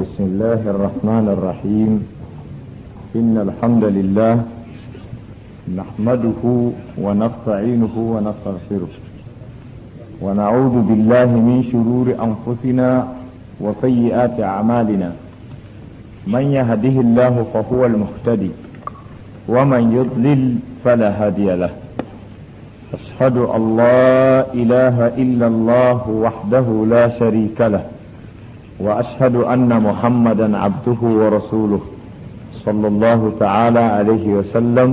بسم الله الرحمن الرحيم إن الحمد لله نحمده ونستعينه ونستغفره ونعوذ بالله من شرور أنفسنا وسيئات أعمالنا من يهده الله فهو المهتدي ومن يضلل فلا هادي له أشهد أن لا إله إلا الله وحده لا شريك له وأشهد أن محمدا عبده ورسوله صلى الله تعالى عليه وسلم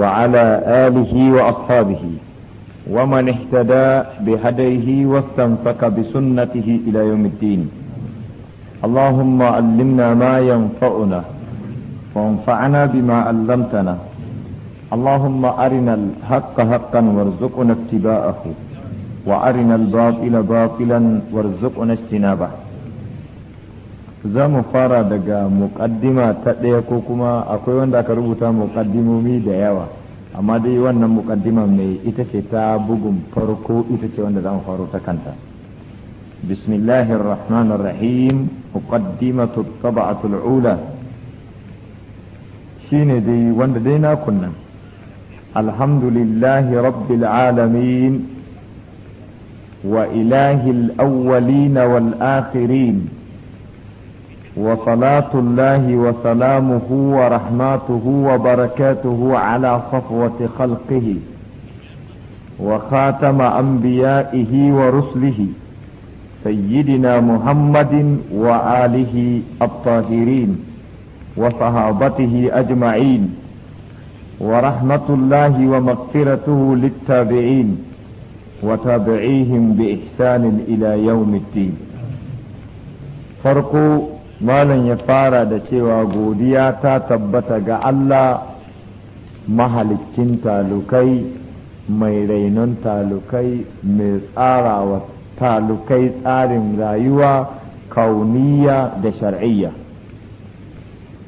وعلى آله وأصحابه ومن اهتدى بهديه واستمسك بسنته إلى يوم الدين اللهم علمنا ما ينفعنا وانفعنا بما علمتنا اللهم أرنا الحق حقا وارزقنا اتباعه وأرنا الباطل باطلا وارزقنا اجتنابه za mu fara daga muƙaddima ta ɗaya ko kuma akwai wanda aka rubuta muƙaddimomi da yawa amma dai wannan muƙaddima mai ita ce ta bugun farko ita ce wanda za mu faro ta kanta bismillahir rahmanir rahim muqaddimatu tab'atul ula shine dai wanda dai na kunna alhamdulillahi rabbil alamin wa ilahil awwalin wal akhirin وصلاة الله وسلامه ورحماته وبركاته على صفوة خلقه وخاتم أنبيائه ورسله سيدنا محمد وآله الطاهرين وصحابته أجمعين ورحمة الله ومغفرته للتابعين وتابعيهم بإحسان إلى يوم الدين فرقوا malam ya fara da cewa godiya ta tabbata ga Allah mahalikin talukai mai rainon talukai mai tsarawa talukai tsarin rayuwa kauniya da shar'iyya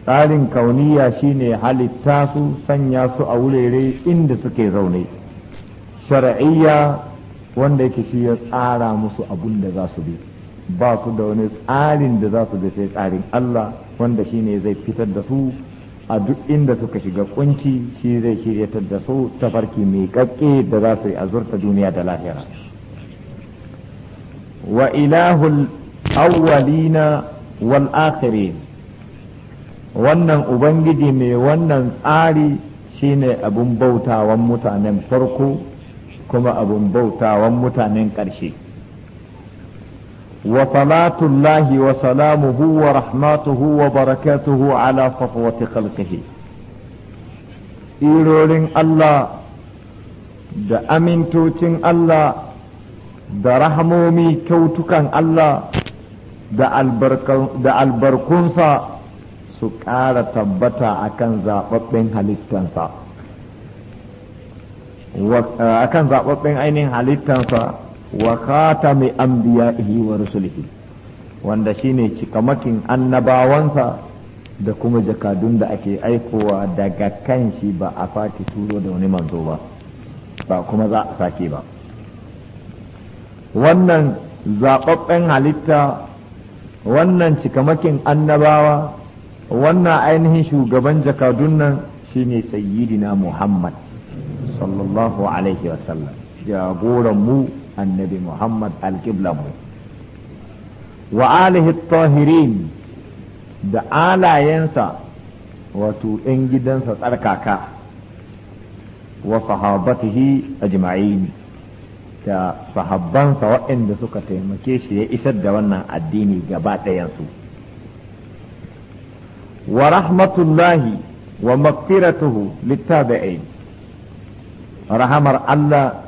tsarin kauniya shine halitta su sanya su a wurare inda suke zaune shar'iyya wanda yake shi ya tsara musu abun da za su bi ba su da wani tsarin da za su gashe tsarin Allah wanda shi ne zai fitar da su a duk inda suka shiga kunci shi zai shirya da su tafarki mai kakke da za su yi azurta duniya da lahira wa ilahul awwalina wal akhirin wannan ubangiji mai wannan tsari shine abin bautawan mutanen farko kuma abin bautawan mutanen ƙarshe. وصلاة الله وسلامه ورحمته وبركاته على صفوة خلقه إيرولين الله da amintocin Allah da rahamomi kyautukan Allah da albarkunsa su ƙara tabbata a kan zaɓaɓɓen akan zaɓaɓɓen ainihin halittansa wa khatami anbiya'ihi wa rusulihi wanda shine cikamakin annabawansa da kuma jakadun da ake aikowa daga kan shi ba a faki turo da wani manzo ba ba kuma za a sake ba wannan zaɓaɓɓen halitta wannan cikamakin annabawa wannan ainihin shugaban jakadun nan shine sayyidina muhammad sallallahu alaihi wasallam jagoran mu annabi Muhammad alƙiblanmu wa alihi tahirin da alayensa wato ‘yan gidansa tsarkaka wa sahabatihi ajma'in da sahabbansa waɗanda suka taimake shi ya isar da wannan addini gaba ɗayansu wa rahmatullahi wa magfiratuhu littabi'in rahamar Allah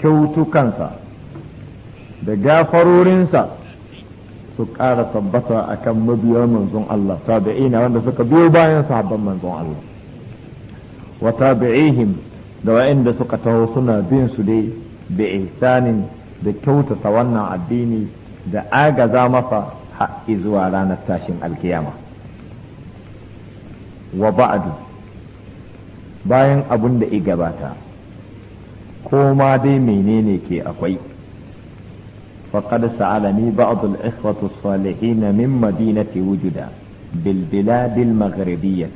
kyautukansa da gafarorinsa su ƙara tabbata a kan mabiyar manzon Allah tabi'ina wanda suka biyo bayan sahabban manzon Allah wa tabi'ihim da wa'inda suka taho suna bin su dai bi ihsanin da kyautata wannan addini da agaza masa haƙƙi zuwa ranar tashin alkiyama wa ba'adu bayan abun da i gabata ko ma dai menene ke akwai faqad sa'alani ba'd al-ikhwatu as-salihin min madinati wujuda bil bilad al-maghribiyyah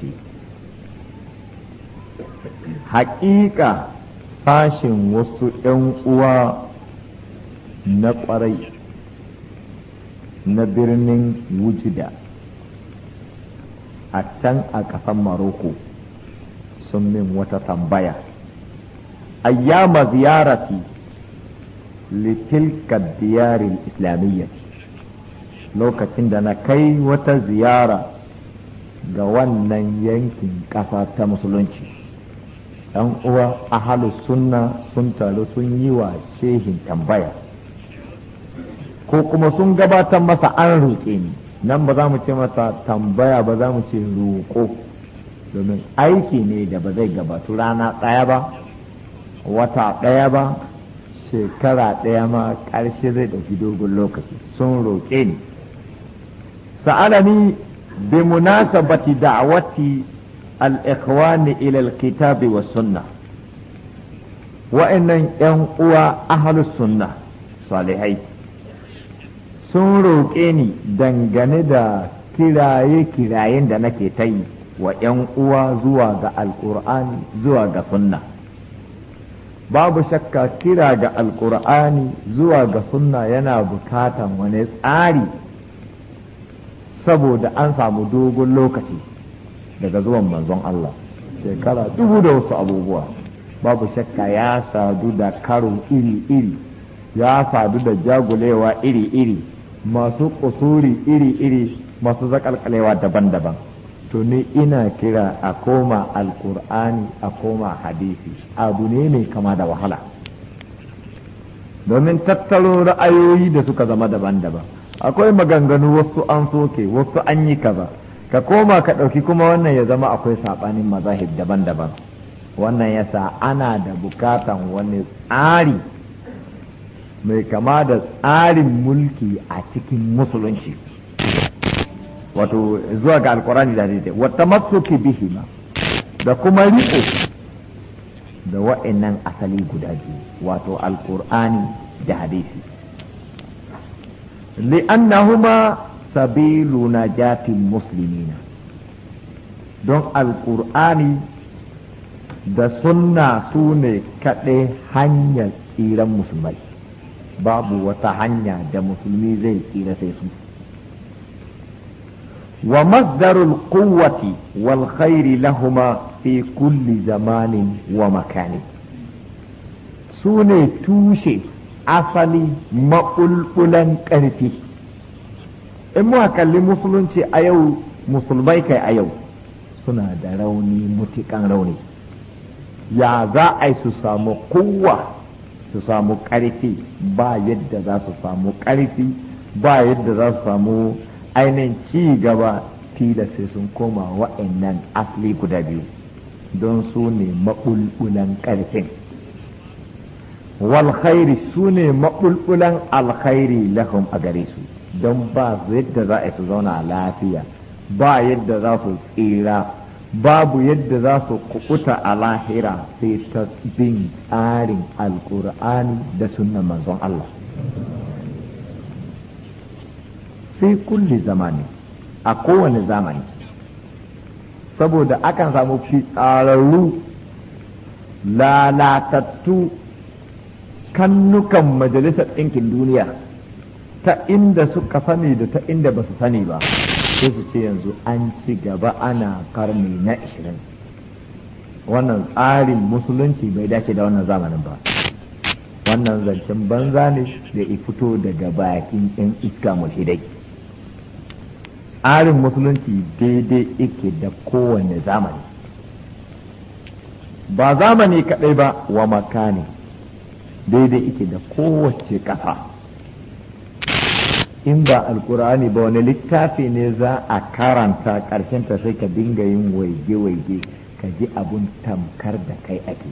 haqiqa fashin wasu ɗan uwa na ƙwarai na birnin wujuda a can a ƙasar maroko sun min wata tambaya أيام زيارتي لتلك الديار الإسلامية lokacin da na kai wata ziyara ga wannan yankin ƙasa ta musulunci 'yan uwa ahalus sunna sun taru sun yi wa shehin tambaya ko kuma sun gabatar masa an ruƙe ni nan ba za mu ce masa tambaya ba za mu ce roƙo domin aiki ne da ba zai gabatu rana ɗaya ba wata ɗaya ba shekara ɗaya ma ƙarshe zai ɗauki dogon lokaci sun roƙe ni sa'alani bi munasabati da'awati al-ikhwani ila al-kitabi wa sunnah wa'annan yan uwa ahlus sunnah salihai sun roƙe ni dangane da kiraye-kirayen da nake ta yi wa ‘yan uwa zuwa ga alƙur'ani zuwa ga sunna babu shakka kira ga alkur'ani zuwa ga sunna yana bukatan wani tsari saboda an samu dogon lokaci daga zuwan manzon Allah shekara dubu da wasu abubuwa babu shakka ya sadu da karo iri-iri ya sadu da jagulewa iri-iri masu kusuri iri-iri masu zakalkalewa daban-daban tuni ina kira a koma alkur'ani a koma hadisi abu ne mai kama da wahala domin tattaro ra'ayoyi da suka zama daban-daban akwai maganganu wasu an soke wasu an yi kaza ka koma ka ɗauki kuma wannan ya zama akwai saɓanin mazahib daban-daban wannan ya sa ana da bukatan wani tsari mai kama da tsarin mulki a cikin musulunci. wato zuwa ga alkurani da hadisi wa tamassuki bihima da kuma riko da wa'annan asali guda biyu wato alkur'ani da hadisi li'annahuma sabilu musulmi na don alkur'ani da sunna su ne kaɗai hanyar tsiran musulmai babu wata hanya da musulmi zai tsira sai su ومصدر القوة والخير لهما في كل زمان ومكان سوني توشي tushe asali كرفي in muka kalli musulunci a yau musulmai kai a yau suna da rauni mutukan rauni ya za a su samu kuwa su samu ƙarfi ba yadda za su samu ƙarfi ba yadda za su samu ainihin ci gaba tilas sai sun koma wa'annan asali guda biyu don su ne maɓulɓulan ƙarfin walkhairi su ne maɓulɓulan alkhairi lahum a gare su don ba yadda za a su zauna lafiya ba yadda za su tsira babu yadda za su kubuta a lahira sai ta bin tsarin alkur'ani da sunan manzon Allah fi kulli zamani a kowane zamani saboda akan samu fi tsararru lalatattu kannukan majalisar ɗinkin duniya ta inda suka sani da ta inda ba su sani ba sai su ce yanzu an ci gaba ana karni na ishirin wannan tsarin musulunci bai dace da wannan zamanin ba wannan zancen banza ne da fito daga bakin 'yan iska mashidai. tsarin musulunci daidai yake da kowane zamani ba zamani kadai ba wa makani daidai yake da kowace ƙasa in ba alkur'ani ba wani littafi ne za a karanta ta sai ka dinga yin waige-waige ka ji abun tamkar da kai ake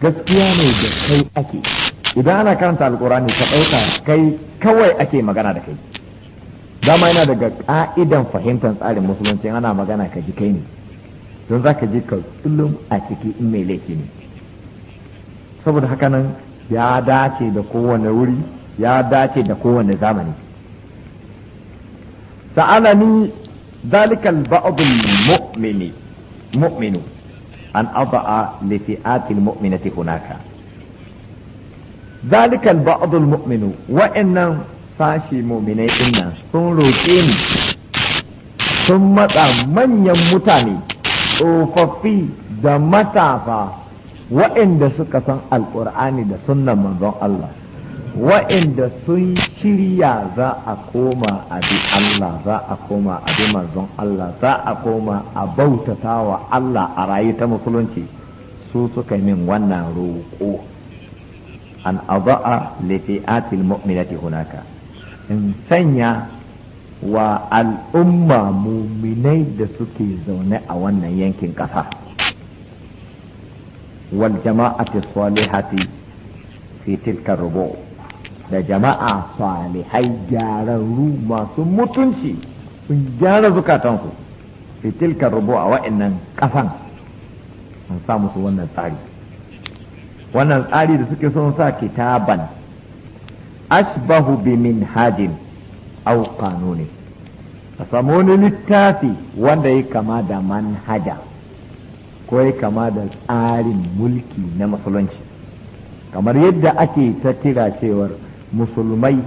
gaskiya ne da kai ake idan ana karanta alkur'ani ka ɗauka kai kawai ake magana da kai dama yana daga ka'idan fahimtar tsarin musulunci ana magana ka ji kai ne don za ka ji ka tsulum a ciki in mai laifi ne saboda haka nan ya dace da kowane wuri ya dace da kowane zamani sa'alani zalikal ba'dul mu'mini mu'minu an aba'a li mu'minati hunaka zalikal ba'dul mu'minu wa'annan sashi muminai din nan sun roƙe ni sun matsa manyan mutane tsofaffi da matafa waɗanda suka san alƙur'ani da sunnan manzon Allah waɗanda sun shirya za a koma a bi Allah za a koma a bi manzon Allah za a koma a bautata wa Allah a rayu ta musulunci su suka min wannan roƙo an aza'a li fi'atil mu'minati hunaka in sanya wa al'umma muminai da suke zaune a wannan yankin ƙasa wal jama'ati salihati fi tilka rubu da jama'a salihai gyararru masu mutunci sun gyara zukatansu fi tilka Rubo, a wa'annan ƙasan an sa musu wannan tsari wannan tsari da suke son sa kitaban asbahu bi minhajin aw qanuni a samu wani littafi wanda ya kama da manhaja ko ya kama da tsarin mulki na musulunci kamar yadda ake ta tira cewar musulmai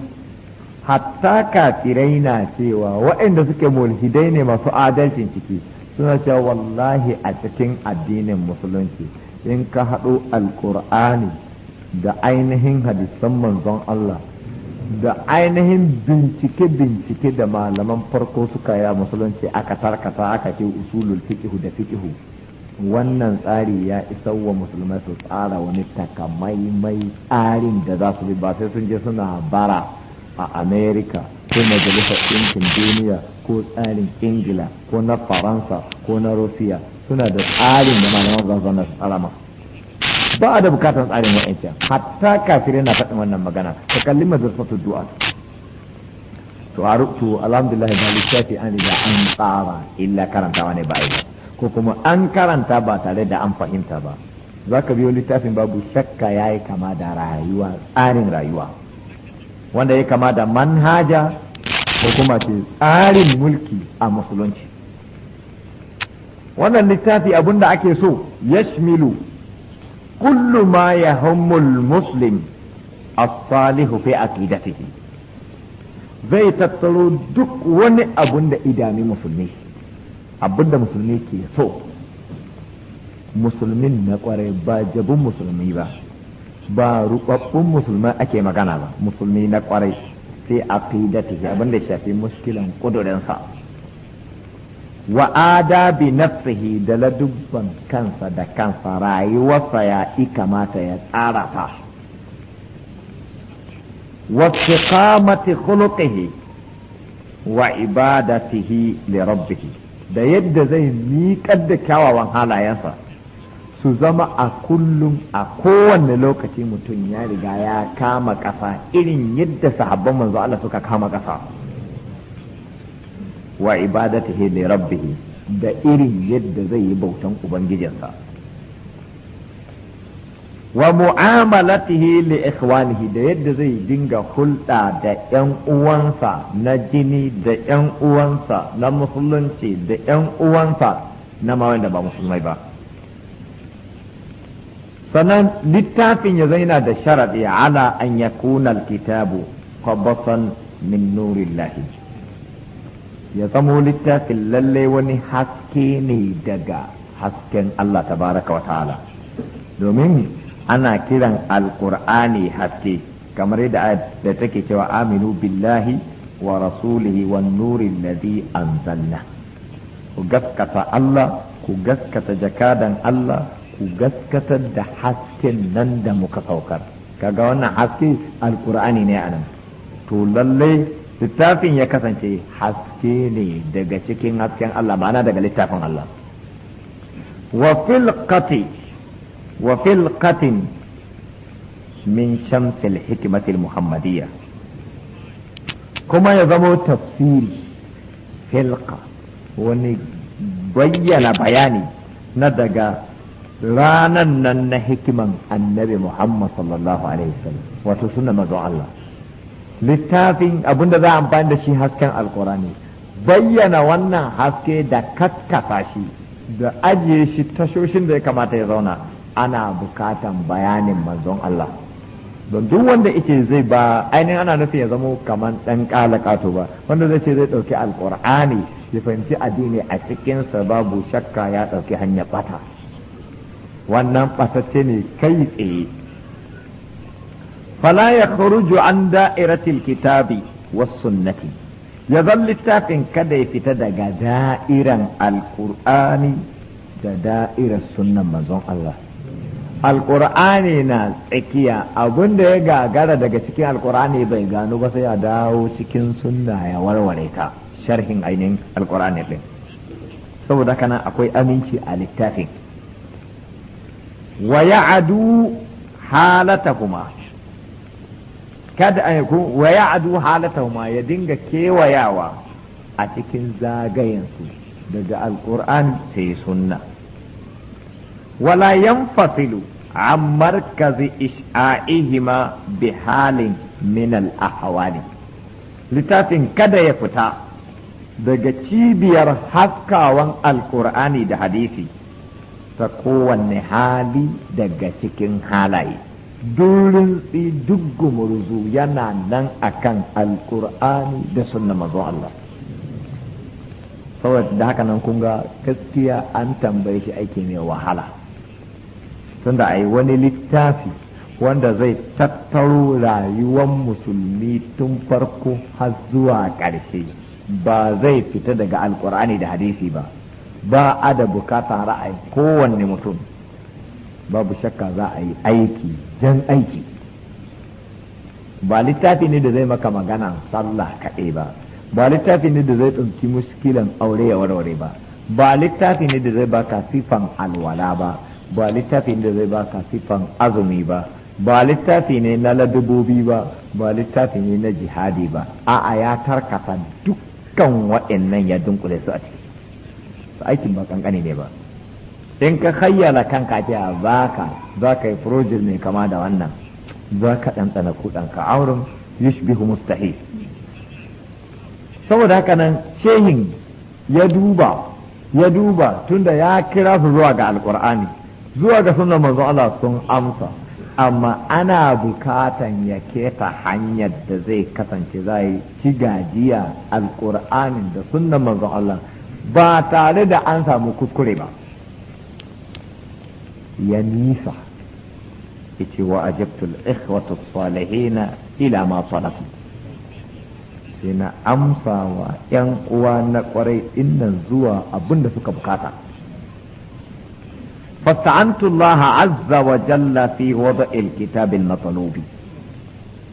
hatta kafirai na cewa waɗanda suke mulhidai ne masu adalcin ciki suna cewa wallahi a cikin addinin musulunci in ka haɗo alƙur'ani da ainihin hadisan manzon Allah da ainihin bincike-bincike da malaman farko suka ya musulunci aka tarkata aka ce usulul fikihu da fikihu wannan tsari ya isa wa musulmai su tsara wani takamaimai tsarin da za su bi ba sai sun je suna bara a amerika ko majalisar ɗinkin duniya ko tsarin ingila ko na faransa ko na rusiya suna da tsarin da malaman zanzanar su tsara masu ba a da bukatar tsarin wa'ancan hatta kafirai na faɗin wannan magana ta kalli madrasatu du'a to a rubutu alhamdulillah da lissafi an riga an tsara illa karanta ne ba a ko kuma an karanta ba tare da an fahimta ba za ka biyo littafin babu shakka ya yi kama da rayuwa tsarin rayuwa wanda ya kama da manhaja ko kuma ce tsarin mulki a musulunci wannan littafi abinda ake so yashmilu kulluma كل ما يهم a الصالح في عقيدته zai tattaro duk wani abun da idami musulmi abun da musulmi ke so musulmin na kwarai ba jabin musulmi ba ba rubabbun musulman ake magana ba musulmi na kwarai sai aqidatihi abin da shafi muskilan kudurinsa wa adabi nafsihi da ladubban kansa da kansa rayuwarsa ya ikamata ya tsara ta wa istiqamati khuluqihi wa ibadatihi li rabbih da yadda zai miƙar da kyawawan halayensa su zama a kullum a kowane lokaci mutum ya riga ya kama ƙasa irin yadda sahabban manzo Allah suka kama ƙasa wa ibadatihi li rabbih da irin yadda zai yi bautan ubangijinsa wa mu'amalatihi li ikhwanihi da yadda zai dinga hulɗa da ƴan uwansa na jini da ƴan uwansa na musulunci da ƴan uwansa na ma wanda ba musulmai ba sannan littafin ya zaina da sharaɗi ala an yakuna alkitabu qabasan min nurillahi ya zamo littafin lalle wani haske ne daga hasken Allah tabaraka wa ta'ala domin ana kiran alkur'ani haske kamar yadda da take cewa aminu billahi wa rasulihi wa nurin ladhi anzalna ku gaskata Allah ku gaskata jakadan Allah ku gaskata da hasken nan da muka saukar kaga wannan haske alkur'ani ne anan to lallai littafin ya kasance haske ne daga cikin hasken Allah ma'ana daga littafin Allah wa filqati wa filqatin min shamsil hikmatil muhammadiyya kuma ya zamo tafsiri filqa wani bayyana bayani na daga ranan nan na hikiman annabi Muhammad sallallahu alaihi wasallam wato sunna manzon Allah littafin abinda za a amfani da shi hasken alkurani bayyana wannan haske da katkasa shi da ajiye shi tashoshin da ya kamata ya zauna ana bukatan bayanin manzon Allah don duk wanda ice zai ba ainihin ana nufin ya zamo kamar ɗan ƙalaƙato ba wanda zai ce zai ɗauki alkur'ani ya fahimci addini a cikinsa babu shakka ya ɗauki hanyar bata wannan batacce ne kai tsaye fala ya kharuju an da'iratil kitabi was sunnati ya littafin kada ya fita daga da'iran alqur'ani da da'irar sunnan manzon Allah alqur'ani na tsakiya abun da ya gagara daga cikin alqur'ani bai gano ba sai ya dawo cikin sunna ya warware ta sharhin ainihin alqur'ani din saboda kana akwai aminci a littafin wa halata kuma. kada an waya wa halata ma ya dinga kewayawa a cikin zagayensu daga alqur'ani sai sunna wala yanfasilu an markazi isha'ihima bi halin min al littafin kada ya fita daga cibiyar haskawan alkur'ani da hadisi ta kowanne hali daga cikin halaye durin tsi duk gumurzu yana nan akan Alƙur'ani da sunna mazan Allah saboda da haka nan ga gaskiya an tambaye shi aiki mai wahala tunda a yi wani littafi wanda zai tattaro rayuwan musulmi tun farko har zuwa ƙarshe ba zai fita daga Alƙur'ani da hadisi ba ba a da bukatar ra'ayi kowanne mutum babu shakka za a yi aiki jan aiki ba littafi ne da zai maka magana sallah kaɗai ba ba littafi ne da zai tsinci muskilan aure ya warware ba ba littafi ne da zai baka sifan alwala ba ba littafi ne da zai baka sifan azumi ba ba littafi ne na ladabobi ba ba littafi ne na jihadi ba a'a ya tarkata dukkan waɗannan ya dunkule su a ciki su aikin ba kankane ne ba in ka hayyala kanka kafiya ba ka za ka yi project mai kama da wannan za ka ɗanɗana ka auren yushbihu mustahil saboda haka nan shehin ya duba ya duba tunda ya kira su zuwa ga alƙur'ani zuwa ga sunan manzon Allah sun amsa amma ana bukatan ya keta hanyar da zai kasance za yi ci gajiya alƙur'anin da sunan manzon ba tare da an samu kuskure ba ya nisa yace wa ajabtul ikhwatu salihina ila ma salafu sai na amsa wa yan uwa na kwarai dinnan zuwa abinda suka bukata فاستعنت الله عز وجل في وضع الكتاب المطلوب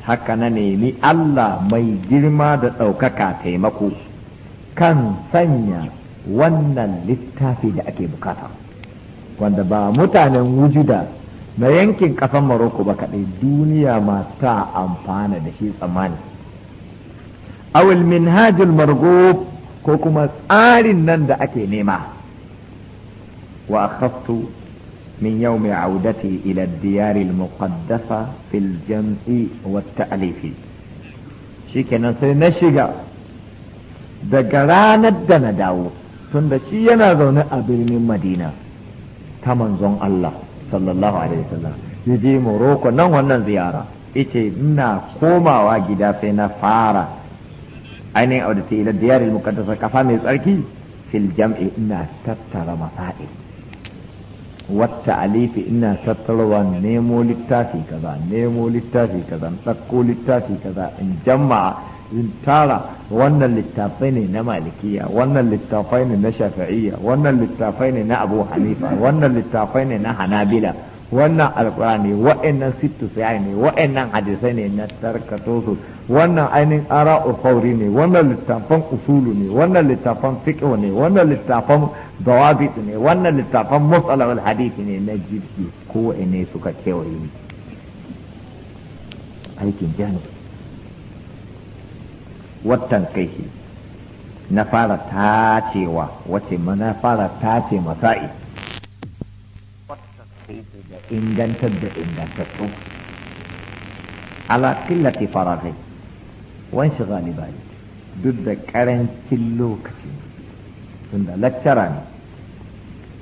haka na nemi Allah mai girma da ɗaukaka taimako kan sanya wannan littafi da ake bukata. wanda ba mutanen wujuda na yankin ƙasar maroko ba kaɗai duniya ma ta amfana da shi tsammani awil minhajul margo ko kuma tsarin nan da ake nema wa akhaftu min yau mai audati ila diyari muqaddasa fil jam'i wa ta'alifi shikenan sai na shiga daga ranar da na dawo tunda shi yana zaune a birnin madina ta manzon Allah sallallahu alaihi wasallam ya je Morocco nan wannan ziyara yace ina komawa gida sai na fara ainihin audita ila diyaril muqaddasa kafa mai tsarki fil jam'i ina tattara masail wata alifi ina tattarwa nemo littafi kaza nemo littafi kaza tsakko littafi kaza in jama'a tara wannan littafai ne na malikiya wannan littafai ne na shafi'iyya wannan littafai ne na abu hanifa wannan littafai ne na hanabila wannan alkurani wa'annan sittu sai ne wa'annan hadisai ne na tarkato su wannan ainihin ara'u ufauri ne wannan littafan usulu ne wannan littafan fiqh ne wannan littafan dawabit ne wannan littafan musalahul hadisi ne na jibi ko ne suka kewaye ni aikin jami'a wattan kai na fara ta cewa wace na fara ta tace masa'i da ingantar da ingantattu ala killati faragai wan shi galibai duk da karancin lokaci tunda laktara ne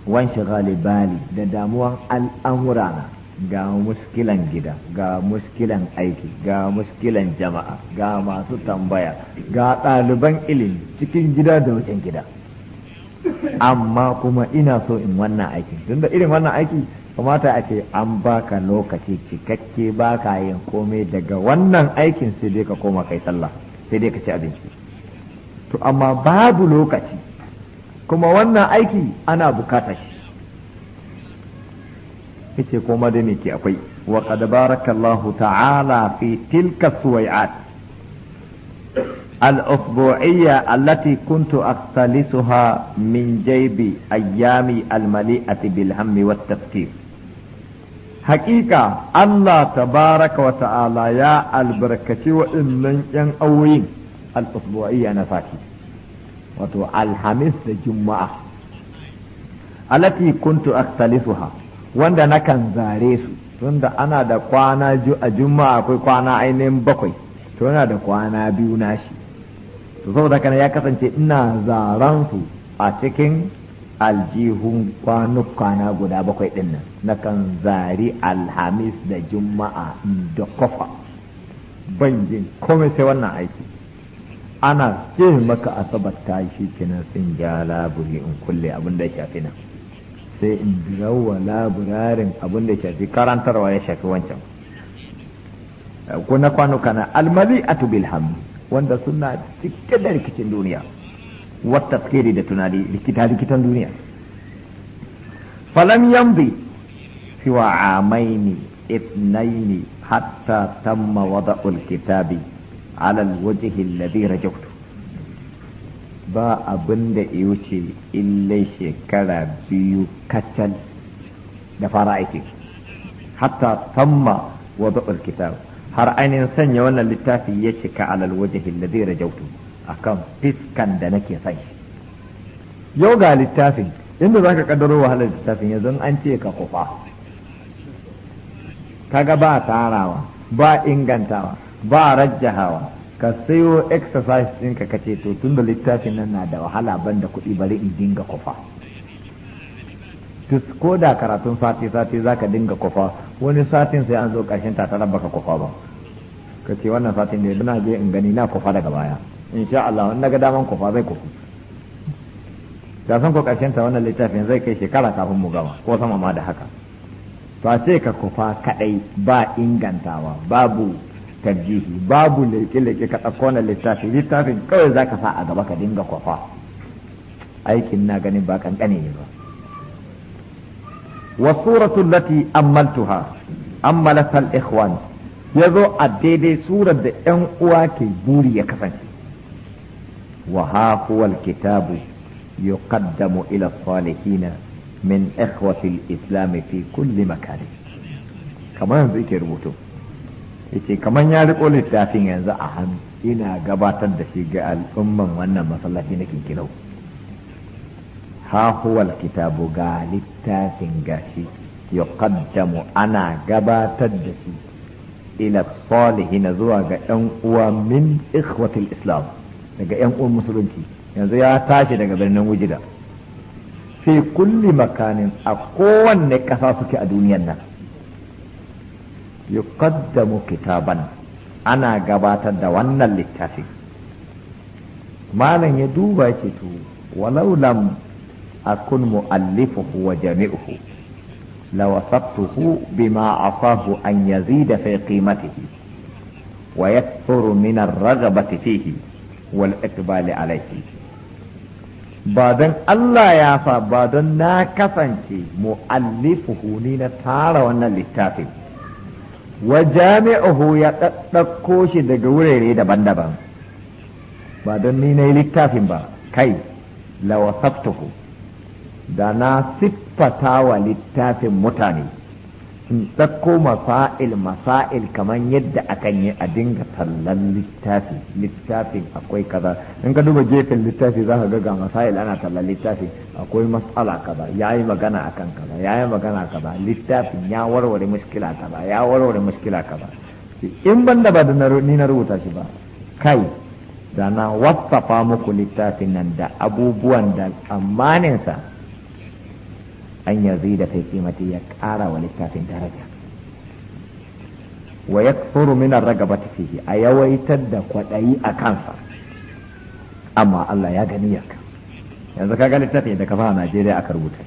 wan shi galibai da damuwan al'amura na ga muskilan gida ga muskilan aiki ga muskilan jama'a ga masu tambaya ga ɗaliban ilimi cikin gida da wajen gida amma kuma ina so in wannan aikin da irin wannan aiki kamata a ce an baka lokaci cikakke baka yin komai daga wannan aikin sai dai ka koma kai sallah sai dai ka ci abinci to amma babu lokaci kuma wannan aiki ana bukatar shi yace koma da me ke akwai wa qad barakallahu ta'ala fi tilka suwai'at الأسبوعية التي كنت أختلسها من جيب أيامي المليئة بالهم والتفكير حقيقة الله تبارك وتعالى يا البركة وإن ين أوين الأسبوعية نفاكي وتو الحميس الجمعة التي كنت أختلسها wanda nakan zare su tunda ana da kwana a juma'a akwai kwana ainihin bakwai to yana da kwana biyu nashi to saboda kana ya kasance ina zaran su a cikin aljihun kwana guda bakwai din nan kan zari alhamis da juma'a da kofa ban jin komai sai wannan aiki ana ce maka asabar ta shi kenan sun ja laburi in kulle abin da ya shafi nan sai in rawa labirarin abin da shafi karantarwa ya shafi wancan kuna kwanuka na almari atu bilham wanda suna cike da rikicin duniya wata tsiri da tunani rikita-rikitan duniya falam yambi siwa amaini itnaini hatta tamma wada'ul kitabi alal alwajhi alladhi rajawtu ba abin da ya wuce illai shekara biyu kacal da fara aiki hatta tamma wa kitab har ainihin sanya wannan littafi ya cika alal wajahin da zai rajautu akan fiskan da nake sai shi yau ga littafin inda za ka kaddaro wahalar littafin yanzu an ce ka kufa kaga ba tarawa ba ingantawa ba rajjahawa ka sayo exercise ɗinka ka ce to tun da littafin nan na da wahala ban da kuɗi bari in dinga kwafa ko da karatun sati sati za ka dinga kofa wani satin sai an zo ƙarshen tarar baka kofa ba ka ce wannan satin da na je in gani na kofa daga baya insha Allah wani ga daman kofa zai kwafi da san ko ƙarshen ta wannan littafin zai kai shekara kafin mu gama ko sama ma da haka to a ce ka kwafa kaɗai ba ingantawa babu tarjihi babu leke-leke ka ɗauko na littafi littafin kawai za ka sa a gaba ka dinga kwafa aikin na ganin ba kankane ne ba wasuratu lati ammaltuha ammalat al ya yazo a daidai surar da yan uwa ke buri ya kasance wa ha huwa al kitabu yuqaddamu ila salihina min ikhwati al islam fi kulli makan kamar yanzu yake rubutu yace kamar ya riko littafin yanzu a hannu ina gabatar da shi ga al'umman wannan masallaci na kinkinau ha huwal kitabu ga littafin gashi yuqaddamu ana gabatar da shi ila salihina zuwa ga yan uwa min ikhwatil islam daga yan uwan musulunci yanzu ya tashi daga birnin wujida fi kulli makanin a kowanne ƙasa suke a duniyar nan يقدم كتابا أنا قبات دوانا للتافي ما لن يدوب ولو لم أكن مؤلفه وجامعه لوصفته بما عصاه أن يزيد في قيمته ويكثر من الرغبة فيه والإقبال عليه بعدن الله يا فبعدن كفنتي مؤلفه نين تارو أن للتافي wa jami'uhu ya ɗaɗɗako shi daga wurare daban-daban ba don ni na yi littafin ba kai lawasaftuhu da na siffata wa littafin mutane in ɗauko masa'il masa'il kamar yadda akan yi a dinga tallan littafi littafin akwai kaza in ka duba gefen littafi za ka ga masa'il ana tallan littafi akwai matsala kaza ya yi magana akan kaza ya yi magana kaza littafin ya warware muskila kaza ya warware muskila kaza in ban da ba da ni na rubuta shi ba kai da na wasafa muku littafin nan da abubuwan da tsammaninsa an yanzu da kai kimati ya ƙara wa littafin daraja wa yakfuru min ar-ragabati fihi a yawaitar da kwaɗayi a kansa amma Allah ya gani ka yanzu ka gani littafin da kafa a Najeriya aka rubuta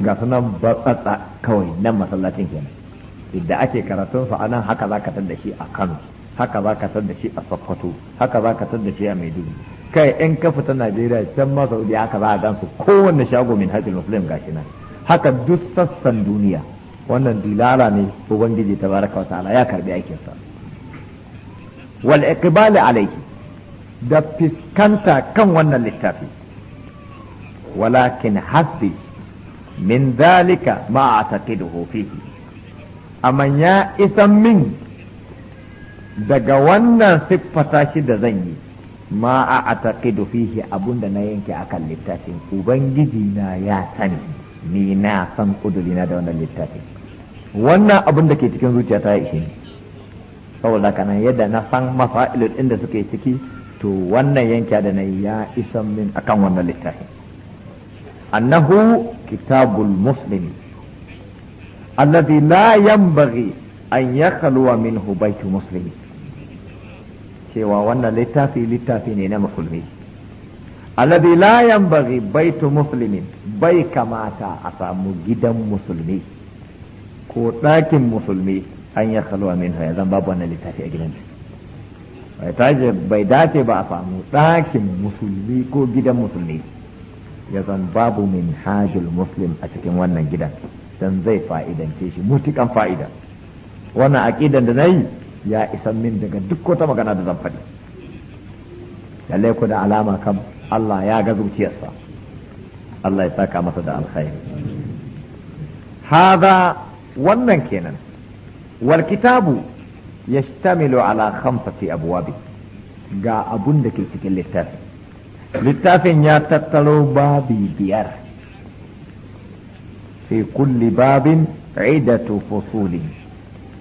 ga sunan batsatsa kawai nan masallacin kenan idan ake karatun sa anan haka zaka tada shi a Kano haka zaka tada shi a Sokoto haka zaka tada shi a Maiduguri kai in ka fita Najeriya can ma Saudi haka za a gansu kowanne shago min hajjil muslim gashi nan haka duk sassan duniya wannan dilala ne ubangiji tabaraka wa ta'ala ya karbi aikin sa wal iqbal alayhi da fiskanta kan wannan littafi walakin hasbi min dhalika ma ataqiduhu fihi amma ya isan min daga wannan siffata shi da zan yi ma a ataqidu fihi abunda na yanke akan littafin ubangiji na ya sani ni na san na da wannan littafin wannan abun da ke cikin zuciya ta ishe ne saboda kana yadda na san mafa'ilul inda suke ciki to wannan yanke da na ya isa min akan wannan littafin annahu kitabul muslimi alladhi la yanbaghi an yakhluwa minhu baytu muslimi cewa wannan littafi littafi ne na musulmi alladhi la yanbaghi baitu muslimin bai kamata a samu gidan musulmi ko ɗakin musulmi an ya kalwa min ya zan babu wannan littafi a gidan bai dace ba a samu ɗakin musulmi ko gidan musulmi ya zan babu min hajjul muslim a cikin wannan gidan Dan zai fa'idance shi mutukan fa'ida wannan aƙidan da na ya isan min daga duk wata magana da zan faɗi lallai ku da alama kam Allah ya ga zuciyarsa Allah ya saka masa da alkhairi hada wannan kenan wal kitabu yashtamilu ala khamsati abwabi ga abun da ke cikin littafin littafin ya tattaro babi biyar fi kulli babin idatu fusulin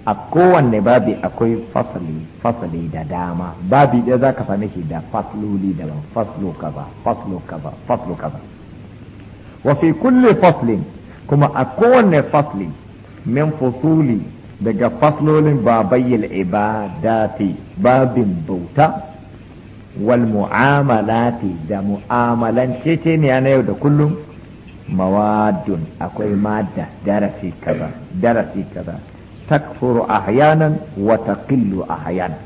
a kowanne babi akwai fasali fasali da dama babi ɗaya za ka same shi da fasloli daban faslo kaza faslo kaza faslo kaza wa fi kulli faslin kuma a kowanne fasli min fusuli daga faslolin babayyil ibadati babin bauta wal mu'amalati da mu'amalan cece ne na yau da kullum mawadun akwai madda darasi kaza darasi kaza takfuru ahyanan wa taqillu ahyanan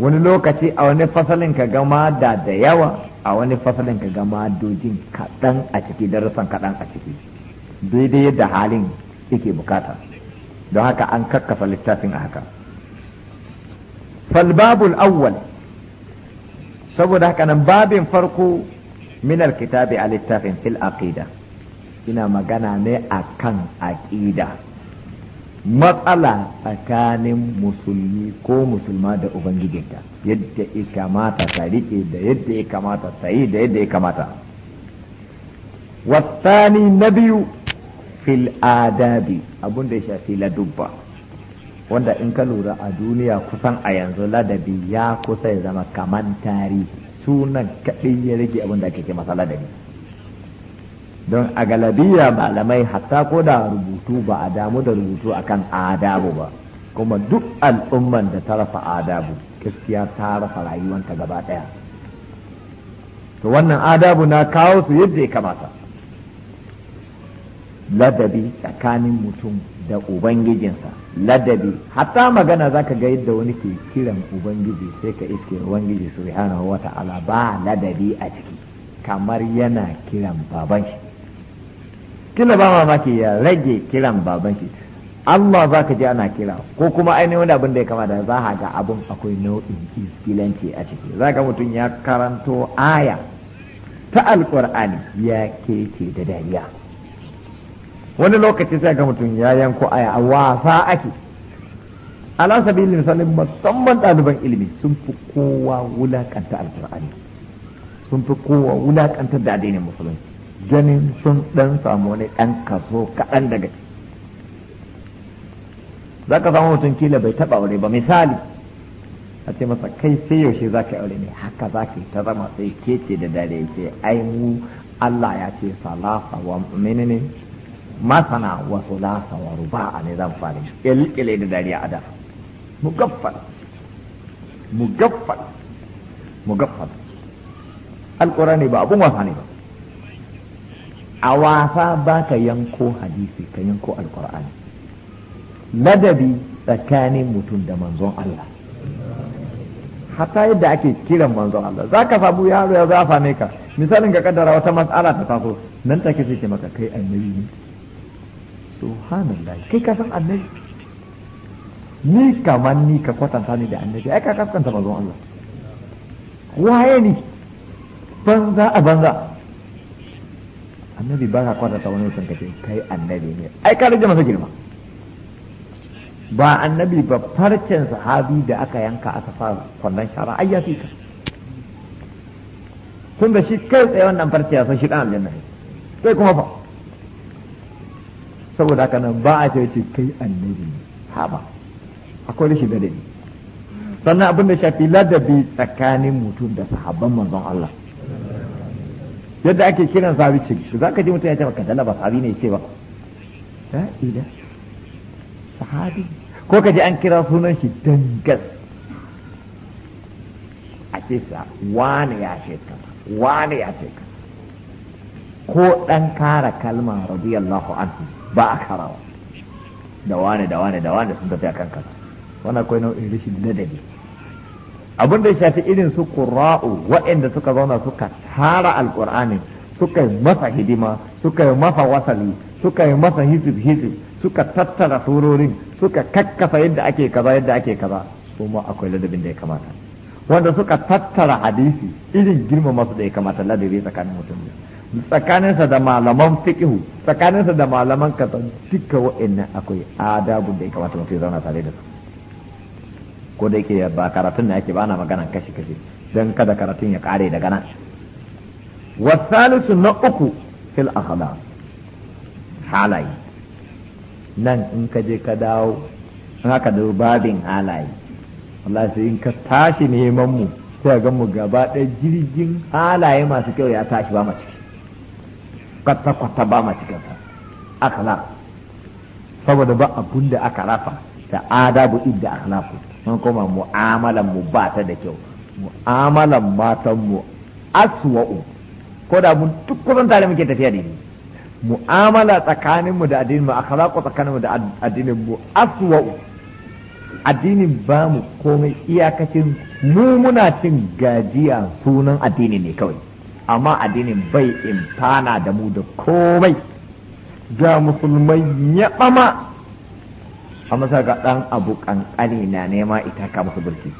wani lokaci a wani fasalin ka gama da da yawa a wani fasalin ka gama dojin kaɗan a ciki darasan kaɗan a ciki daidai yadda halin yake bukata don haka an kakkafa littafin a haka falbabul awwal saboda haka nan babin farko minar alkitabi a littafin fil aqida ina magana ne akan aqida matsala tsakanin musulmi ko musulma da ubangijinta yadda ya kamata ta riƙe da yadda ya kamata ta yi da yadda ya kamata wasani na biyu fil adabi abinda da ya shafi ladubba wanda in ka lura a duniya kusan a yanzu ladabi ya kusa ya zama kaman tarihi sunan kaɗai ya rage abin da ake ke masa ladabi don a galabiya malamai hatta ko da rubutu ba a damu da rubutu akan adabu ba kuma duk al'umman da ta rafa adabu gaskiya ta rafa rayuwanta gaba ɗaya to wannan adabu na kawo su yadda ya kamata ladabi tsakanin mutum da ubangijinsa ladabi hatta magana zaka ga yadda wani ke kiran ubangiji sai ka iske ubangiji subhanahu ala ba ladabi a ciki kamar yana kiran baban shi tunda ba mamaki ya rage kiran baban shi Allah za ka ji ana kira ko kuma ainihin wani abin da ya kama da za a ga abin akwai nau'in iskilanci a ciki za ka mutum ya karanto aya ta alkur'ani ya keke da dariya wani lokaci sai ga mutum ya yanko aya a wasa ake ala sabili misali musamman ɗaliban ilimi sun fi kowa wulakanta alkur'ani sun fi kowa wulakanta da addinin musulunci ganin sun ɗan samu wani ɗan kaso kaɗan daga ciki za ka samu mutum kila bai taɓa aure ba misali a ce masa kai sai yaushe za ka aure ne haka za ka ta zama sai ke ce da dare ce ai mu Allah ya ce salasa wa menene masana wa sulasa wa ruba'a ne zan fara kilkile da dariya a dafa mugaffal mu mugaffal alqurani ba abun wasa ne ba a wasa ba ka yanko hadisi ka yanko alkur'ani ladabi tsakanin mutum da manzon Allah Hata yadda ake kiran manzon Allah za ka samu yaro ya zafa ne ka misalin ka kaddara wata matsala ta taso nan take sai maka kai annabi ne subhanallah kai ka san annabi ni kamar ni ka kwatanta ni da annabi ai ka kaskanta manzon Allah waye ni banza a banza annabi ba ka kwatanta wani mutum ka kai annabi ne ai ka rage masa girma ba annabi ba farcen sahabi da aka yanka aka fara kwallon shara ai ya fi ka tun da shi kai tsaye wannan farce ya san shi dan aljanna ne kai kuma fa saboda haka nan ba a ce ce kai annabi ne ha ba akwai rashin ladabi sannan abin da shafi ladabi tsakanin mutum da sahabban manzon Allah yadda ake kiran sahabi ce shi za ka ji mutum ya ce baka dala ba sahabi ne ce ba la ila sahabi ko ka ji an kira sunan shi dangas a ce sa wani ya ce ka wani ya ce ka ko dan kara kalma radiyallahu anhu ba a karawa da wani da wani da wani sun tafi akan kaza wannan akwai nau'in rashin ladabi abin da ya shafi irin su qura'u waɗanda suka zauna suka tara alqur'ani suka yi masa hidima suka yi masa wasali suka yi masa hisib hisib suka tattara surorin suka kakkasa yadda ake kaza yadda ake kaza su ma akwai ladabin da ya kamata wanda suka tattara hadisi irin girma masu da ya kamata ladabi tsakanin mutum tsakaninsa da malaman fiqhu tsakaninsa da malaman kaza cika wa'annan akwai adabun da ya kamata mutum ya zauna tare da su ko da yake ba karatun na yake ba na magana kashi kashi don kada karatun ya kare daga nan salisu na uku fil akhlaq halaye nan in ka je ka dawo in haka da babin halaye Allah sai in ka tashi neman mu sai ga mu gaba ɗaya jirgin halaye masu kyau ya tashi ba mu ciki kwata kwata ba mu cikin sa saboda ba abun da aka rafa da adabu idda akhlaqu sun kuma mu'amalan mu ba ta da kyau mu'amalan matan mu aswa'u ko da mun duk kusan tare muke tafiya da ni mu'amala tsakanin mu da addinin mu akhlaqu tsakanin mu da addinin mu aswa'u addinin ba mu komai iyakacin mu muna cin gajiya sunan addini ne kawai amma addinin bai imfana da mu da komai ga musulmai ya ɓama amma sa ga dan abu kankani na nema ita ka masa burki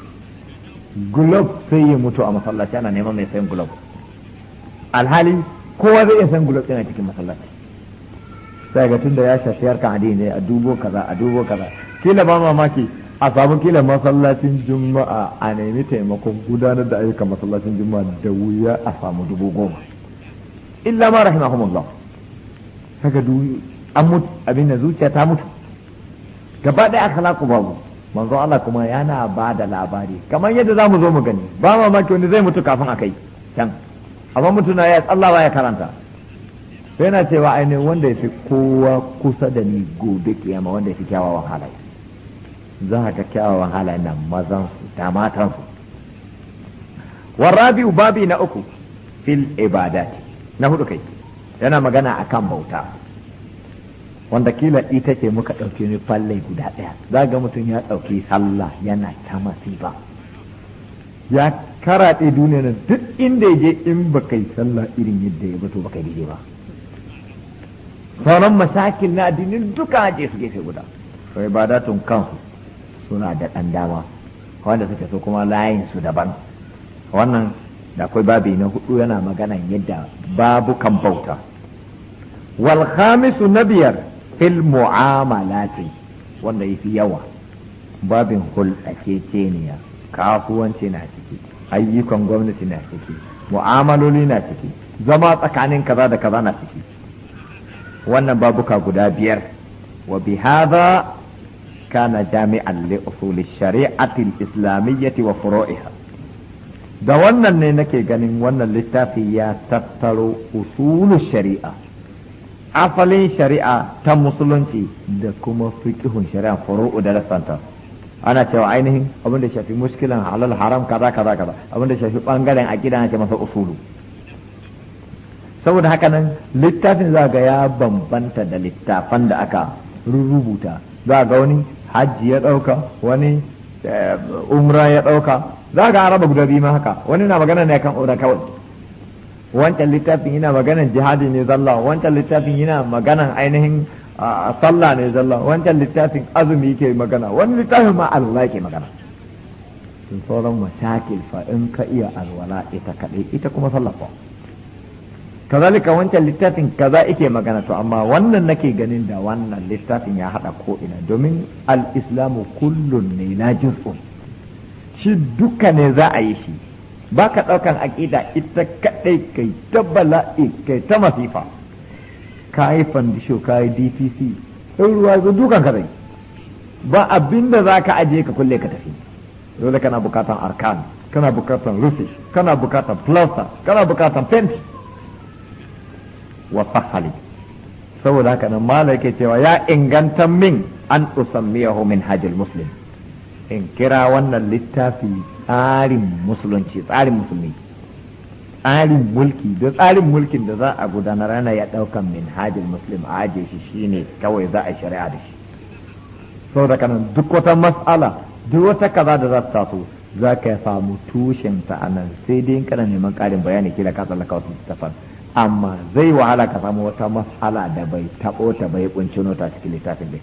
Glove sai ya mutu a masallaci ana neman mai sayan glove. alhali kowa zai iya sayan Glove yana cikin masallaci sai ga tunda ya shafi kan addini ne a dubo kaza a dubo kaza kila ba mamaki a samu kila masallacin juma'a a nemi taimakon gudanar da ayyukan masallacin juma'a da wuya a samu dubu goma illa ma rahimahumullah kaga du an mutu abin da zuciya ta mutu gaba ɗaya akhlaqu babu manzo Allah kuma yana ba da labari kamar yadda za mu zo mu gani ba mamaki wani zai mutu kafin a kai can amma na ya Allah ya karanta sai yana cewa ainihin wanda ya fi kowa kusa da ni gobe kiyama wanda ya fi kyawawan halaye za a ga kyawawan halaye na mazan su da matan su warabi babi na uku fil ibadati na hudu kai yana magana akan bauta wanda kila ita ce muka ɗauke ni falle guda ɗaya za ga mutum ya ɗauki sallah yana ta masifa ya karaɗe duniya nan duk inda ya je in ba kai sallah irin yadda ya bato ba kai daidai ba sauran masakin na addinin duka je su gefe guda sai datun kansu suna da ɗan dama wanda suke so kuma layin su daban wannan da akwai babi na hudu yana magana yadda babu kan bauta wal khamisu na biyar fil mu'amalati wanda yafi yawa babin hulɗa ce ceniya kafuwanci na ciki ayyukan gwamnati na ciki mu'amaloli na ciki zama tsakanin kaza da kaza na ciki wannan babuka guda biyar wa bi hadha kana jami'an li usuli shari'ati islamiyyati wa furu'iha da wannan ne nake ganin wannan littafi ya tattaro usulu shari'a asalin shari'a ta musulunci da kuma fiqhun shari'a furu'u da rasanta ana cewa ainihin abin da shafi muskilan halal haram kaza kaza kaza abin da shafi bangaren a ana ce masa usulu saboda haka nan littafin za ga ya bambanta da littafan da aka rubuta za ga wani hajji ya dauka wani eh, umra ya dauka za ga araba guda biyu ma haka wani na magana ne kan umra kawai wancan littafin yana maganan jihadi ne zalla wancan littafin yana maganan ainihin sallah ne zalla wancan littafin azumi ke magana wani littafin ma alwala ke magana sun sauran mashakil fa in ka iya alwala ita kadai ita kuma sallah ba kazalika wancan littafin kaza ike magana to amma wannan nake ganin da wannan littafin ya hada ko ina domin al-islamu kullun ne la juz'un shi duka ne za a yi shi ba ka ɗaukan aƙida ita kaɗai kai ta bala'i kai ta masifa ka yi fandisho ka yi dpc in ruwa zo dukan ka ba abin da za ka ajiye ka kulle ka tafi dole kana bukatan arkan kana bukatan rufish kana bukatan plaster kana bukatan fenti wa fahali saboda haka nan malam ke cewa ya inganta min an usammiyahu min hajjil muslim in kira wannan littafi tsarin musulunci tsarin musulmi tsarin mulki da tsarin mulkin da za a gudanar rana ya ɗaukan minhajin muslim a ajiye shi shine kawai za a shari'a da shi sau da kanan duk wata mas'ala duk wata kaza da za ta taso za ka samu tushen ta a nan sai dai kana neman karin bayani kira kasar tsallaka wasu littafan amma zai wahala ka samu wata mas'ala da bai taɓo ta bai kuncino ta cikin littafin dai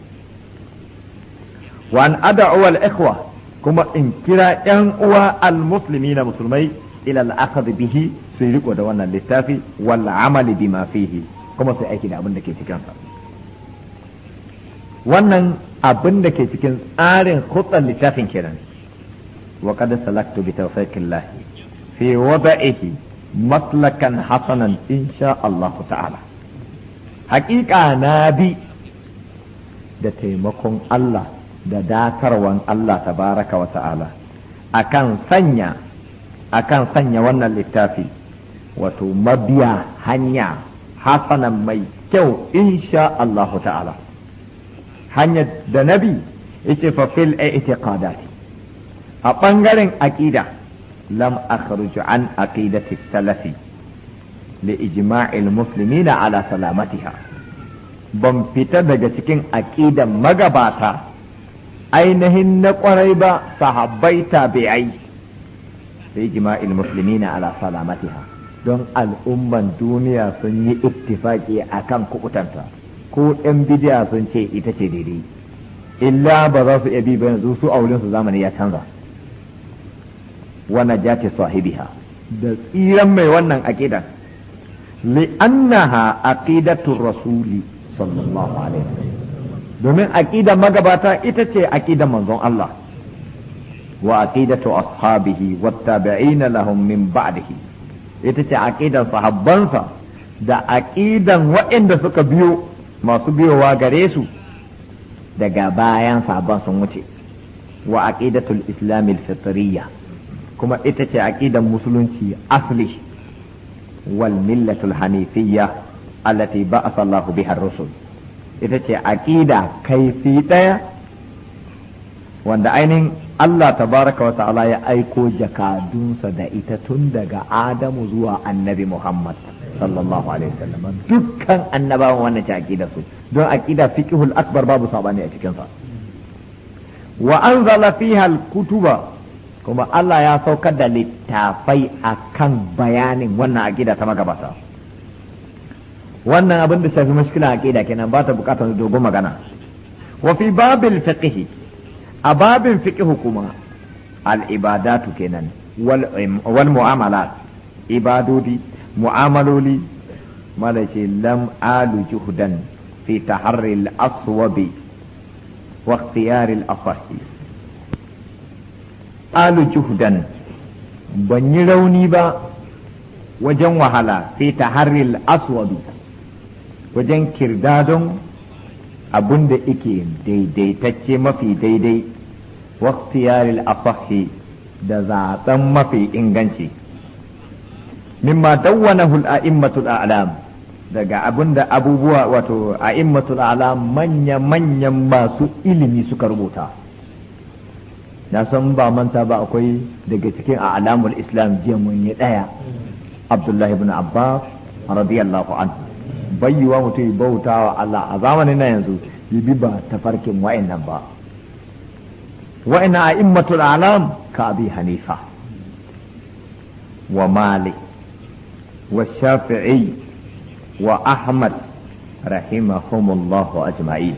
wa an ekwa. ikhwa kuma in kira yan uwa almuslimi na musulmai ila al'akad bihi su riko da wannan littafi wal amali bima fihi kuma su aiki da abin da ke cikin sa wannan abin da ke cikin tsarin hutsar littafin kenan wa qad salaktu bi tawfiqillah fi wada'ihi maslakan hasanan insha Allah ta'ala haƙiƙa na bi da taimakon Allah da datarwan Allah tabaraka wa ta'ala akan sanya akan sanya wannan littafi wato mabiya hanya hasanan mai kyau insha Allah ta'ala hanya da nabi yace fa fil i'tiqadati a bangaren aqida lam akhruj an aqidati salafi li ijma'il muslimina ala salamatiha ban fita daga cikin aqidan magabata ainihin na ƙwarai ba sahabbai tabi'ai sai jima'il muslimina ala salamatiha don al'umman duniya sun yi ittifaki kan kubutanta ko ɗan bidiya sun ce ita ce daidai illa ba za su iya bi ba yanzu su wurin su zamani ya canza wa najati sahibiha da tsiran mai wannan aqidan li'annaha aqidatu rasuli sallallahu alaihi wasallam domin aqidan magabata ita ce aqidan manzon Allah wa aqidatu ashabihi wattabi'ina lahum min ba'dihi ita ce aqidan sahabbansa da aqidan waɗanda suka biyo masu biyowa gare su daga bayan sabon sun wuce wa aqidatul islamil fitriyya kuma ita ce aqidan musulunci asli wal millatul hanifiyya allati ba'atha Allahu biha ar-rusul ita ce aƙida kaifi ɗaya wanda ainihin Allah tabaraka wa ta'ala ya aiko jakadunsa da ita tun daga Adamu zuwa annabi Muhammad sallallahu alaihi wasallam dukkan annabawan wannan ce aƙida su don aƙida fiqhul akbar babu sabani a cikinsa wa anzala fiha al-kutuba kuma Allah ya saukar da littafai akan bayanin wannan aƙida ta magabata wannan abin da shafi mashkila aqida kenan ba ta bukata dogon magana wa fi babil fiqh a babin fiqh kuma al ibadatu kenan wal mu'amalat ibadodi mu'amaloli malace lam alu juhdan fi taharri al aswabi wa ikhtiyar al asahi alu juhdan ban yi rauni ba wajen wahala fi taharri al aswabi wajen kirdadon abun da ike daidaitacce mafi daidai waqtiyaril asahi da zaɓen mafi inganci mimma dawwanahu al-a'immatul a'lam daga abin da abubuwa wato a'immatul a'lam manya manyan masu ilimi suka rubuta na san ba manta ba akwai daga cikin a'lamul islam jiya mun yi daya abdullahi ibn abbas radiyallahu anhu bayyuwa mutum ya bauta wa Allah a zamanin nan yanzu ya bi ba tafarkin wa'annan ba wa'annan a immatul alam ka abi hanifa wa malik wa shafi'i wa ahmad rahimahumullahu ajma'in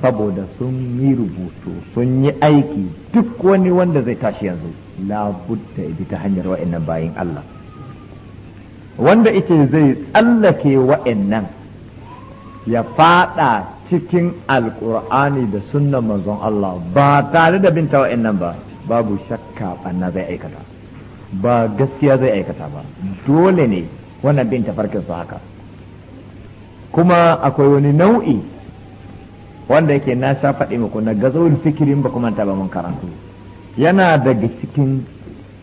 saboda sun yi rubutu sun yi aiki duk wani wanda zai tashi yanzu labudda ya bi ta hanyar wa'annan bayin Allah wanda ike zai tsallake wa'annan ya fada cikin alkur'ani da sunnan manzon Allah ba tare da binta wa'annan ba babu shakka banna zai aikata ba gaskiya zai aikata ba dole ne wannan binta farkin su haka kuma akwai wani nau'i wanda yake na sha faɗi muku na gazawul fikirin ba kuma ta ba mun karantu yana daga cikin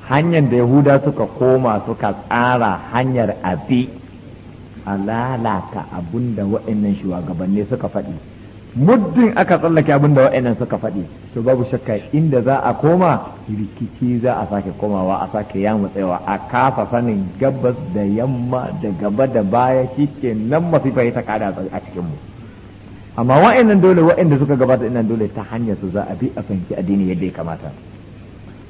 hanyar da yahuda suka koma suka tsara hanyar abi a lalata abin da wa'annan shugabanni suka faɗi muddin aka tsallake abin da wa'annan suka faɗi to babu shakka inda za a koma rikici za a sake komawa a sake yamu tsayawa a kafa sanin gabas da yamma da gaba da baya shi nan masifa ya ta kada a cikinmu amma wa'annan dole wa'anda suka gabata ina dole ta hanyar su za a bi a fahimci addini yadda ya kamata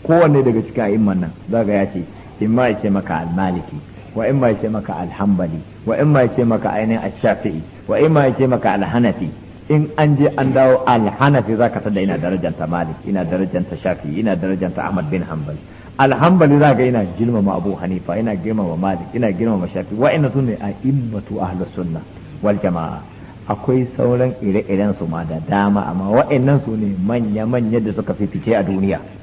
kowanne daga cikin a'imman nan ga ya ce in ma ya ce maka al-maliki wa in ma ya ce maka al-hanbali wa in ma ya ce maka ainihin ash-shafi'i wa in ma ya ce maka al-hanafi in an je an dawo al-hanafi ka tada ina darajar ta malik ina darajar ta shafi'i ina ta ahmad bin hanbal al-hanbali ga ina girmama abu hanifa ina girmama malik ina girmama shafi'i wa inna sunne a'immatu ahlu sunna wal jama'a akwai sauran ire-iren su ma da dama amma wa'annan su ne manya-manya da suka fi fice a duniya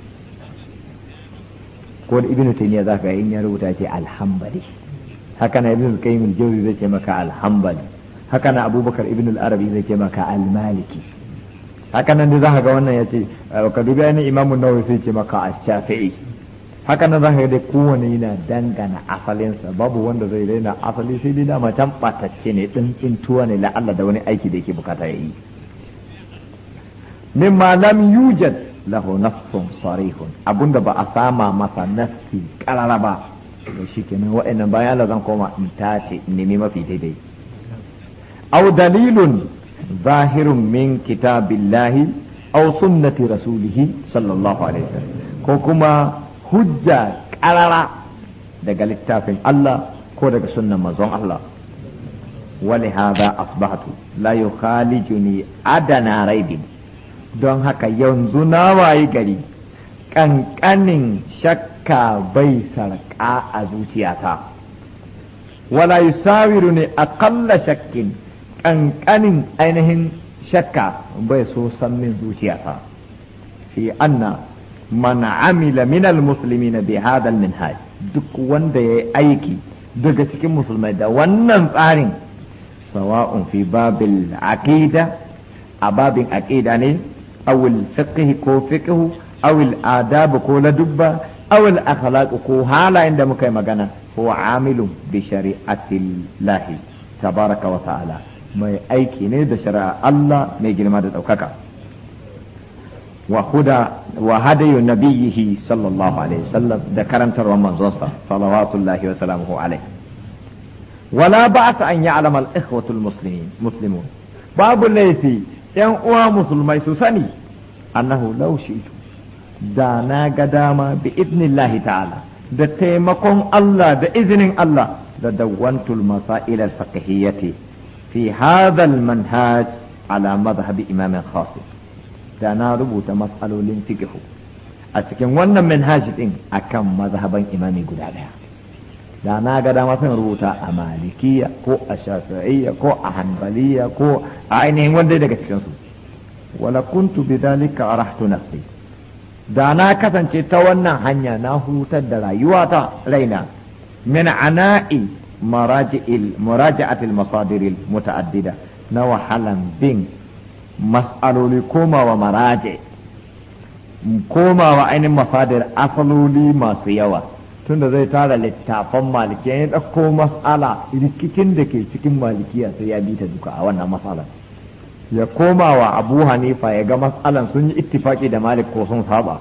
ko da ibnu taymiya za ka in ya rubuta ce alhambali haka na ibnu qayyim al-jawzi zai ce maka alhambali haka na abubakar ibnu al-arabi zai ce maka al-maliki haka nan da zaka ga wannan ya ce ka dubi ainihin imamu nawawi zai ce maka ash-shafi'i haka nan zaka ga dai kowane yana dangana asalinsa babu wanda zai daina asali sai dai dama can batacce ne din tuwa ne la'alla da wani aiki da yake bukata yayi yi mimma lam yujad lahu nafsun sarihun abunda ba a sama masa nafsi karara ba da shi kenan wa'annan bayan la zan koma in tace in nemi mafi daidai aw dalilun zahirun min kitabillahi aw sunnati rasulihi sallallahu alaihi wasallam ko kuma hujja karara daga littafin Allah ko daga sunnan manzon Allah ولهذا أصبحت لا يخالجني adana ريب don haka yanzu na waye gari ƙanƙanin shakka bai sarƙa a zuciyata wala yusawiru ne aƙalla shakkin ƙanƙanin ainihin shakka bai so san min zuciyata fi anna man amila minal muslimina bi hadal minhaj duk wanda ya yi aiki daga cikin musulmai da wannan tsarin sawa'un fi babil aqida a babin aqida ne أو الفقه كو فقه أو الآداب كو لدبة أو الأخلاق كو هالا عند مكي مغانا هو عامل بشريعة الله تبارك وتعالى ما أيكي نيد شرع الله نيجي لمادة أو كاكا وهدى وهدي نبيه صلى الله عليه وسلم ذكرن ترى من صلوات الله وسلامه عليه ولا بأس أن يعلم الإخوة المسلمين مسلمون babu laifi yan uwa musulmai su sani annahu law shi'tu da na ga dama bi idnillahi ta'ala da taimakon Allah da izinin Allah da dawwantul masail al fi hadha al-manhaj ala madhhab imam khas da na rubuta mas'alolin fiqh a cikin wannan manhaj din akan mazhaban imami guda daya da na ga dama sun rubuta a malikiya ko a shafi'iyya ko a hanbaliya ko a ainihin wanda daga cikinsu wala kuntu bidhalika arahtu nafsi da na kasance ta wannan hanya na hutar da rayuwata raina min ana'i maraji'il muraja'atil masadiril muta'addida na wahalan bin mas'aloli komawa maraji komawa ainihin masadir asaloli masu yawa tunda zai tara littafan maliki ya ɗauko mas'ala rikicin da ke cikin malikiya sai ya bi ta duka a wannan mas'ala ya koma wa abu hanifa ya ga mas'alan sun yi ittifaki da malik ko sun saba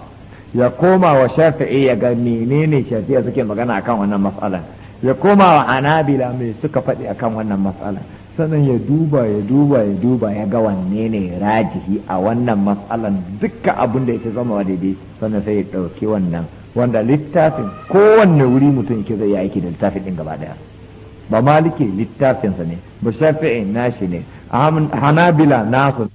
ya koma wa shafi'i ya ga menene shafi'a suke magana akan wannan mas'alan ya koma wa anabila mai suka faɗi akan wannan mas'alan sannan ya duba ya duba ya duba ya ga wanne ne rajihi a wannan matsalan dukkan abin da ya zama daidai sannan sai ya ɗauki wannan wanda littafin kowanne wuri mutum ke zai yi aiki da littafin din gaba daya ba maliki littafinsa ne ba shafi'in nashi ne hanabila nasu